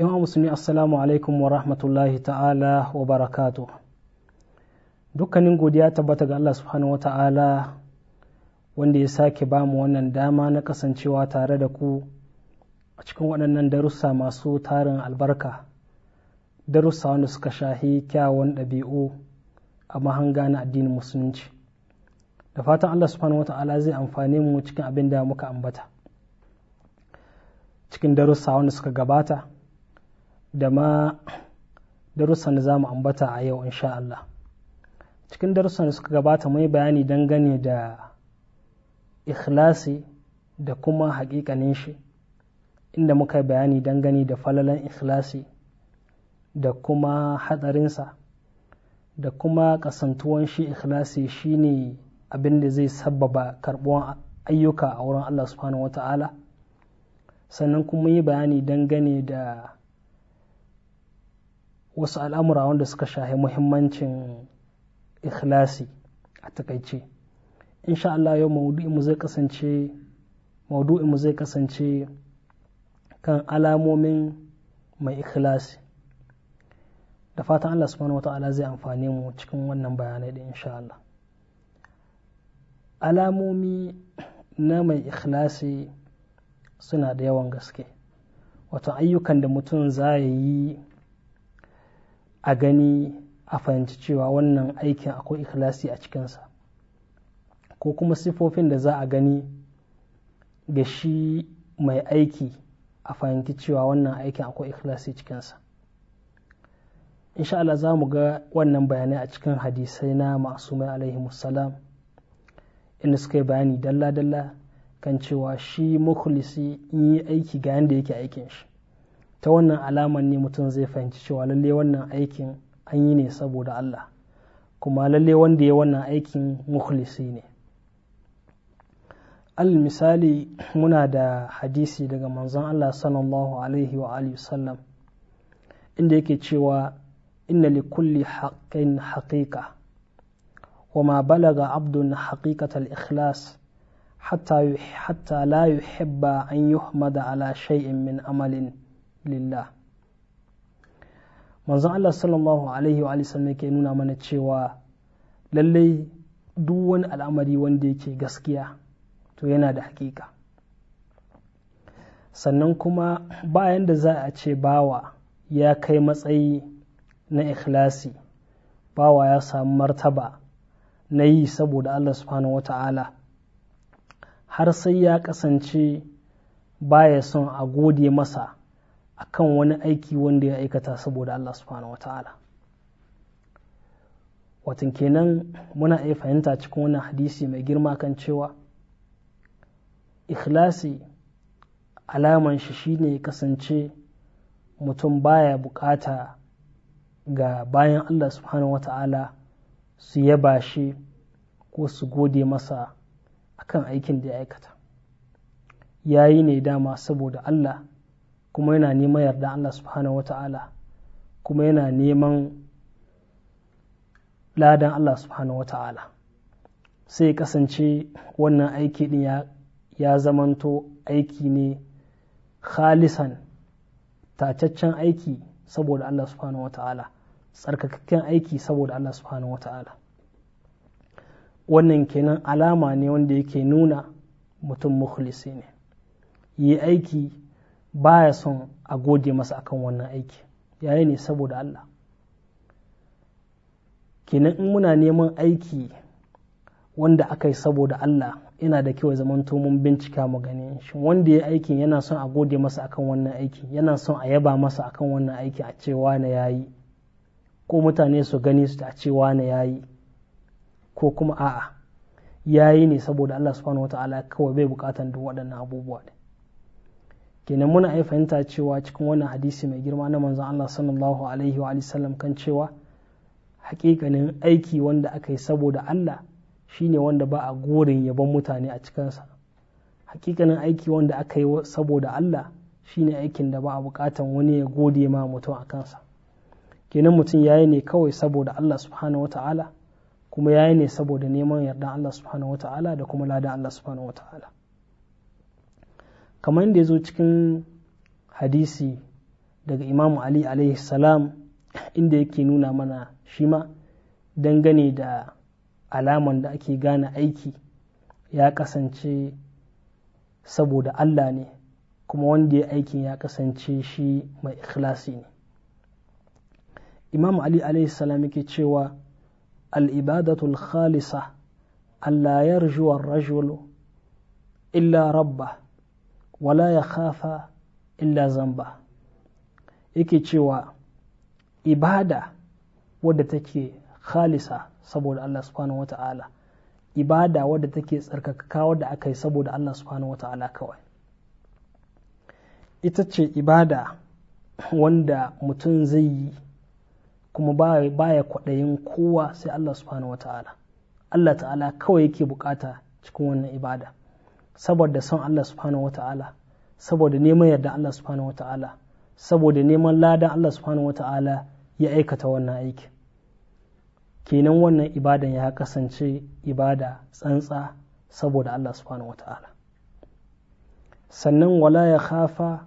yan musulmi assalamu alaikum wa rahmatullahi ta'ala wa barakatu dukkanin godiya tabbata ga Allah subhanahu wa ta'ala wanda ya sake ba mu wannan dama na kasancewa tare da ku a cikin waɗannan darussa masu tarin albarka darussa wanda suka shahi kyawun ɗabi'u a mahanga na addinin musulunci da fatan Allah subhanahu wa ta'ala zai amfani mu cikin abin da muka ambata cikin darussa wanda suka gabata da ma darussan da za mu ambata a yau insha Allah cikin darussan da suka gabata mai bayani dangane da ikhlasi da kuma haƙiƙanin shi inda muka yi bayani dangane da falalan ikhlasi da kuma hatsarinsa da kuma ƙasantuwan shi ikhlasi shine abin da zai sabbaba karɓuwan ayyuka a wurin Allah subhanahu wata'ala sannan kuma yi bayani dangane da wasu al'amura wanda suka shahi muhimmancin ikhlasi a takaice insha Allah yau maudu'inmu zai kasance maudu'inmu zai kasance kan alamomin mai ikhlasi da fatan Allah subhanahu wata'ala zai amfane mu cikin wannan bayanai da insha Allah alamomi na mai ikhlasi suna da yawan gaske wato ayyukan da mutum za yi a gani a fahimci cewa wannan aikin akwai ikhlasi a cikinsa ko kuma sifofin da za a gani ga shi mai aiki a fahimci cewa wannan aikin akwai ikhlasi cikinsa Insha'Allah Allah za mu ga wannan bayanai a cikin hadisai na masu mai alaihi inda suka yi bayani dalla-dalla kan cewa shi mukhlisi in yi aiki ga yadda yake aikin shi ta wannan alaman ne mutum zai fahimci cewa lalle wannan aikin an yi ne saboda Allah kuma lalle wanda ya wannan aikin mukhlisi ne al misali muna da hadisi daga manzon Allah sallallahu alaihi wa alihi sallam inda yake cewa inna li kulli haqqin haqiqa wa ma balaga abdun haqiqatal ikhlas hatta hatta la yuhibba an yuhmada ala shay'in min amalin lillah manzon Allah sallallahu alaihi wa sallam yake nuna mana cewa lallai duk wani al'amari wanda yake gaskiya to yana da hakika sannan kuma bayan da za a ce bawa ya kai matsayi na ikhlasi bawa ya samu martaba na yi saboda Allah subhanahu wata'ala har sai ya kasance baya son a gode masa akan wani aiki wanda ya aikata saboda Allah subhanahu wata'ala watan kenan muna iya fahimta cikin wannan hadisi mai girma kan cewa ikhlasi alaman shi shine kasance mutum baya bukata ga bayan Allah subhanahu wata'ala su yaba shi ko su gode masa akan aikin da ya aikata yayi ne dama saboda Allah kuma yana neman yarda Allah subhanahu wata'ala kuma yana neman ladan Allah subhanahu wata'ala sai kasance wannan aiki din ya, zamanto aiki ne khalisan tacaccen aiki saboda Allah subhanahu wata'ala tsarkakakken aiki saboda Allah subhanahu wata'ala wannan kenan alama ne wanda yake nuna mutum mukhlisi ne yi aiki baya son a gode masa akan wannan aiki yayi ne saboda Allah kenan in muna neman aiki wanda aka yi saboda Allah yana da kyau zamanto mun bincika mu gani shi wanda ya aikin yana son a gode masa akan wannan aiki yana son a yaba masa akan wannan aiki a cewa na yayi ko mutane su gani su a cewa na yayi ko kuma a'a yayi ne saboda Allah subhanahu wataala kawai bai bukatan duk waɗannan abubuwa ne kenan muna ai fahimta cewa cikin wannan hadisi mai girma na manzon Allah sallallahu alaihi wa sallam kan cewa hakikanin aiki wanda aka yi saboda Allah shine wanda ba a gorin yabon mutane a cikinsa hakikanin aiki wanda aka yi saboda Allah shine aikin da ba a bukatan wani ya gode ma mutum a kansa kenan mutum yayi ne kawai saboda Allah subhanahu wataala kuma yayi ne saboda neman yardan Allah subhanahu wataala da kuma ladan Allah subhanahu wataala kamar yadda ya zo cikin hadisi daga imamu ali alaihi salam inda yake nuna mana shi ma dangane da alaman da ake gane aiki ya kasance saboda Allah ne kuma wanda ya aiki ya kasance shi mai ikhlasi ne imam ali alaihi salam yake cewa al'ibadatul khalisa Allah ya rajulu illa rabba wala ya khafa illa zamba yake cewa ibada wadda take khalisa saboda Allah subhanahu ta'ala ibada wadda take tsarkaka wadda aka yi saboda Allah subhanahu ta'ala kawai ita ce ibada wanda mutum zai yi kuma baya kwaɗayin kowa sai Allah subhanahu ta'ala Allah ta'ala kawai yake bukata cikin wannan ibada saboda son Allah subhanahu wata'ala saboda neman yarda Allah subhanahu wata'ala saboda neman ladan Allah subhanahu wata'ala ya aikata wannan aiki kenan wannan ibadan ya kasance ibada tsantsa saboda Allah subhanahu wata'ala sannan wala ya khafa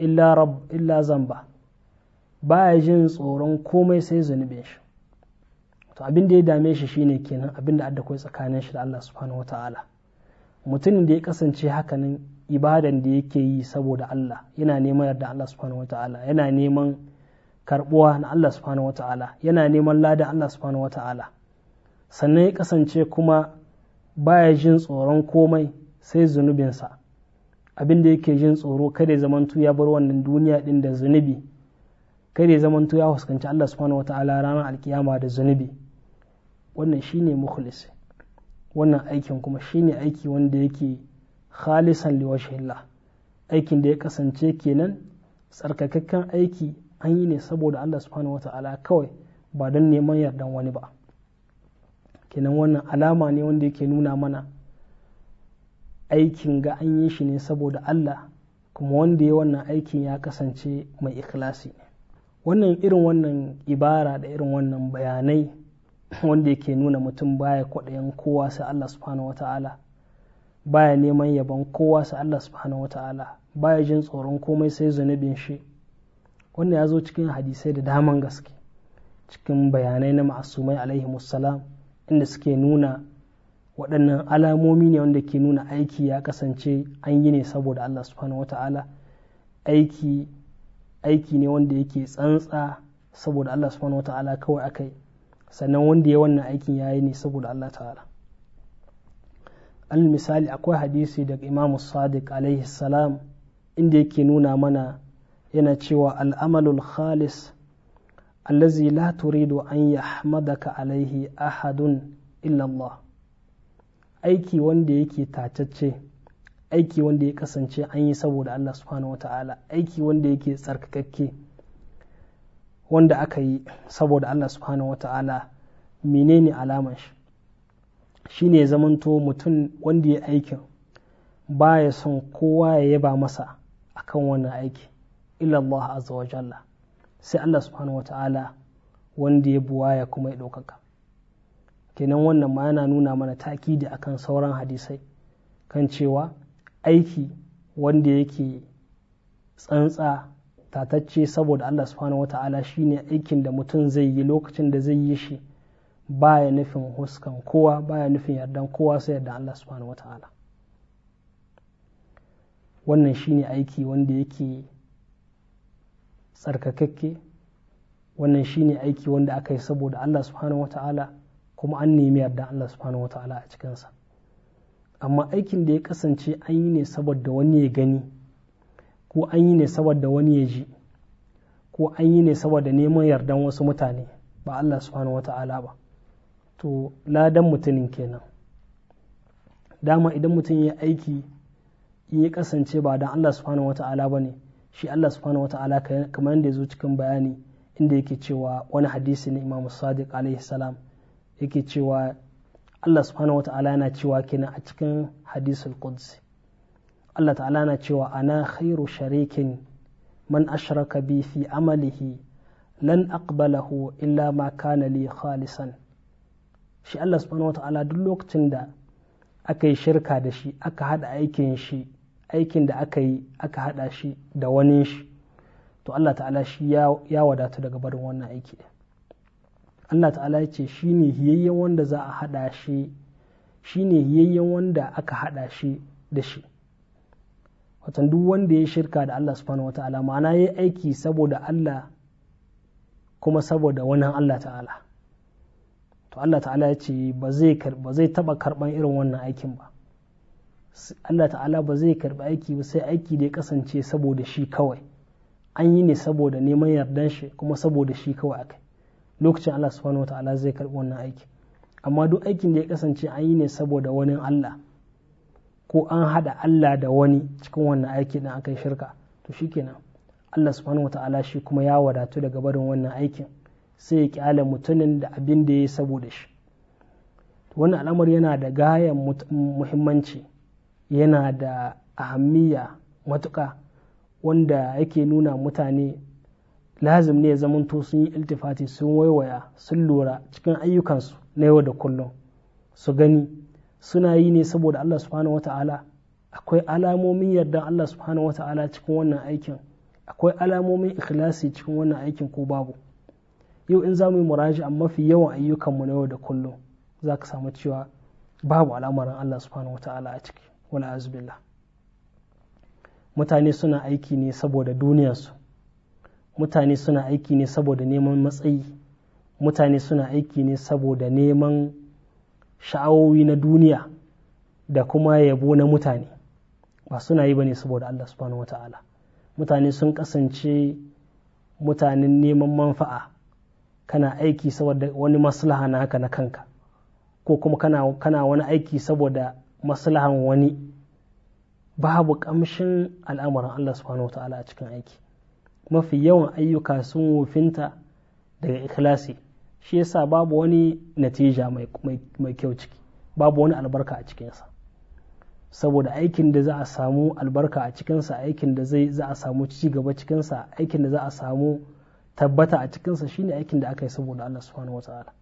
illa rab illa zamba baya jin tsoron komai sai zunubin shi to abin da ya dame shi shine kenan abin da tsakanin shi da Allah subhanahu wata'ala mutumin da ya kasance hakanin ibadan da yake yi saboda Allah yana neman yarda Allah subhanahu wata'ala yana neman karbuwa na Allah subhanahu wata'ala yana neman ladan Allah subhanahu wata'ala sannan ya kasance kuma baya jin tsoron komai sai zunubinsa abin da yake jin tsoro kada ya zamantu ya bar wannan duniya din da zunubi kada ya zamantu ya fuskanci Allah subhanahu wata'ala ranar alkiyama da zunubi wannan shine mukhlisi wannan aikin kuma shine aiki wanda yake khalisan liwashillah aikin da ya kasance kenan tsarkakakken aiki an yi ne saboda Allah subhanahu ta'ala kawai ba don neman yardan wani ba kenan wannan alama ne wanda yake nuna mana aikin ga an yi shi ne saboda Allah kuma wanda ya wannan aikin ya kasance mai ikhlasi wannan irin wannan ibara da irin wannan bayanai wanda yake nuna mutum baya kwaɗayin kowa sai Allah subhanahu wata'ala baya neman yabon kowa sai Allah subhanahu wata'ala baya jin tsoron komai sai zunubin shi wannan ya zo cikin hadisai da daman gaske cikin bayanai na ma'asumai alaihi musallam inda suke nuna waɗannan alamomi ne wanda ke nuna aiki ya kasance an yi ne saboda Allah subhanahu wata'ala aiki aiki ne wanda yake tsantsa saboda Allah subhanahu wata'ala kawai akai sannan wanda ya wannan aikin yayi ne saboda Allah ta'ala al misali akwai hadisi daga Imam Sadiq alaihi salam inda yake nuna mana yana cewa al'amalul khalis allazi la turidu an yahmadaka alaihi ahadun illallah aiki wanda yake tatacce aiki wanda ya kasance an yi saboda Allah subhanahu wa aiki wanda yake tsarkakakke wanda aka yi saboda Allah subhanahu wata'ala menene alaman shi shine ya zamanto mutum wanda ya aikin ba ya son kowa ya yaba masa akan wannan aiki illallah azza wa jalla sai Allah subhanahu ta’ala wanda ya buwa ya kuma ya ɗaukaka kenan wannan ma yana nuna mana takidi akan sauran hadisai kan cewa aiki wanda yake tsantsa tatacce saboda Allah subhanahu wata'ala shine aikin da mutum zai yi lokacin da zai yi shi baya nufin huskan kowa baya nufin yardan kowa sai yardan Allah subhanahu ta'ala wannan shine aiki wanda yake tsarkakakke wannan shine aiki wanda aka yi saboda Allah subhanahu ta'ala kuma an nemi yardan Allah subhanahu ta'ala a cikinsa amma aikin da ya kasance an yi ne saboda wani ya gani ko an yi ne saboda wani ya ji ko an yi ne saboda neman yardan wasu mutane ba Allah subhanahu wata'ala ba to ladan mutumin kenan dama idan mutum ya aiki ya kasance ba don Allah subhanahu wata'ala ba ne shi Allah subhanahu wata'ala kamar yadda ya zo cikin bayani inda yake cewa wani hadisi na Imam Sadiq alaihi yake cewa Allah subhanahu wata'ala yana cewa kenan a cikin hadisul qudsi Allah ta'ala na cewa ana khairu sharikin man ashraka bi fi amalihi lan aqbalahu illa ma kana li khalisan shi Allah subhanahu wata'ala duk lokacin da aka yi shirka da shi aka hada aikin shi aikin da aka yi aka hada shi da wani shi to Allah ta'ala shi ya wadatu daga barin wannan aiki Allah ta'ala ya ce shi ne hiyayyen wanda za a hada shi shi ne hiyayyen wanda aka hada shi da shi watan duk wanda ya shirka da Allah subhanahu wata'ala ma'ana ya aiki saboda Allah kuma saboda wani Allah ta'ala to Allah ta'ala ya ce ba zai taba karban irin wannan aikin ba Allah ta'ala ba zai karbi aiki ba sai aiki da ya kasance saboda shi kawai an yi ne saboda neman yardan shi kuma saboda shi kawai akai lokacin Allah subhanahu wata'ala zai karbi wannan aiki amma duk aikin da ya kasance an yi ne saboda wani Allah ko an haɗa Allah da wani cikin wannan aiki dan aka yi shirka to shi kenan Allah subhanahu wataala shi kuma ya wadatu daga barin wannan aikin sai ya kyale mutumin da abin da ya yi saboda shi wannan al'amari yana da gayan muhimmanci yana da ahammiya matuƙa wanda yake nuna mutane lazim ne ya zamanto sun yi iltifati sun waiwaya sun lura cikin ayyukansu na yau da kullum su gani suna yi ne saboda Allah subhanahu wata'ala akwai alamomin yardan Allah subhanahu wata'ala cikin wannan aikin akwai alamomin ikhlasi cikin wannan aikin ko babu yau in za mu yi muraji a mafi yawan ayyukanmu na yau da kullum za ka samu cewa babu al'amarin Allah subhanahu wata'ala a ciki wala azbillah mutane suna aiki ne saboda duniyarsu mutane suna aiki ne saboda neman matsayi mutane suna aiki ne saboda neman sha'awowi na duniya da kuma yabo na mutane ba suna yi ba ne saboda Allah subhanahu wa ta'ala mutane sun kasance mutanen neman manfa'a kana aiki saboda wani maslaha na na kanka ko kuma kana, kana wani aiki saboda maslahan wani babu kamshin al'amuran Allah subhanahu wa ta'ala a cikin aiki mafi yawan ayyuka sun wufinta daga ikhlasi shi yasa babu wani natija mai kyau ciki babu wani albarka a cikinsa saboda aikin da za a samu albarka a cikinsa aikin da za a samu ci gaba cikinsa aikin da za a samu tabbata a cikinsa shine aikin da aka yi saboda Allah subhanahu wataala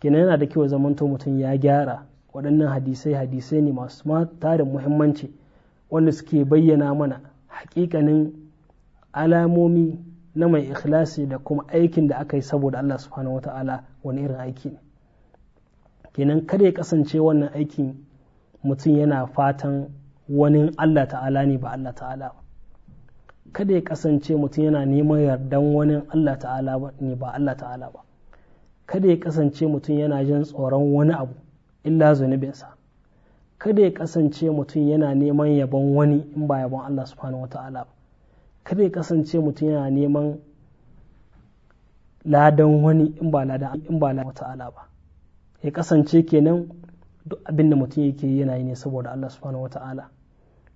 kenan yana da kyau to mutum ya gyara waɗannan hadisai hadisai ne masu tarin muhimmanci wanda suke bayyana mana hakikanin alamomi na mai ikhlasi da kuma aikin da aka yi saboda Allah subhanahu ta'ala wani irin aiki ne kenan kada ya kasance wannan aikin mutum yana fatan wani Allah ta'ala ne ba Allah ta'ala ba kada ya kasance mutum yana neman yardan wani Allah ta'ala ne ba Allah ta'ala ba kada ya kasance mutum yana jin tsoron wani abu illa zunubinsa kada ya kasance mutum yana neman yabon wani in ba yabon Allah subhanahu ta'ala ba kada ya kasance mutum yana neman ladan wani in ba ladan in ba ladan ba ya kasance kenan duk abinda mutum yake yana yi ne saboda Allah subhanahu ta'ala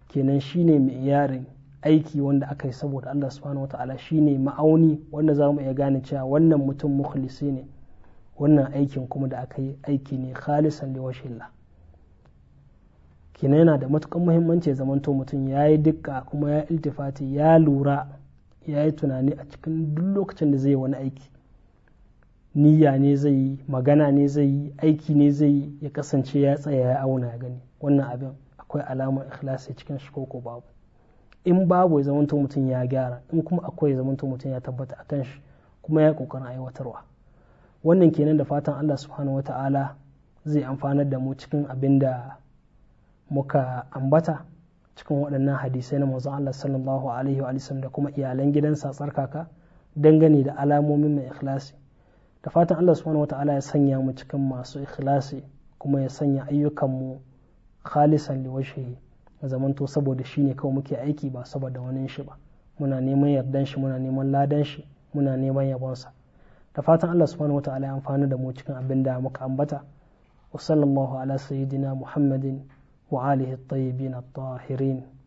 kenan shine mai yarin aiki wanda aka yi saboda Allah subhanahu wata'ala shine ma'auni wanda za mu iya gane cewa wannan mutum mukhlisi ne wannan aikin kuma da aka yi aiki ne khalisan liwashillah kina yana da matukan muhimmanci ya zamanto mutum ya yi dukka kuma ya iltifati ya lura ya yi tunani a cikin duk lokacin da zai yi wani aiki niyya ne zai yi magana ne zai yi aiki ne zai yi ya kasance ya tsaya ya auna ya gani wannan abin akwai alamar ikhlasi cikin shi babu in babu ya zamanto mutum ya gyara in kuma akwai ya zamanto mutum ya tabbata a kan shi kuma ya kokarin aiwatarwa wannan kenan da fatan Allah subhanahu wata'ala zai amfanar da mu cikin abin da muka ambata cikin waɗannan hadisai na manzon Allah sallallahu alaihi wa sallam da kuma iyalan gidansa tsarkaka dangane da alamomin mai ikhlasi da fatan Allah subhanahu wataala ya sanya mu cikin masu ikhlasi kuma ya sanya ayyukanmu khalisan liwashihi ya zamanto saboda shi ne kawai muke aiki ba saboda wani shi ba muna neman yardan shi muna neman ladan shi muna neman yabonsa da fatan Allah subhanahu wataala ya amfana da mu cikin abin da muka ambata wa sallallahu ala sayyidina muhammadin وعاله الطيبين الطاهرين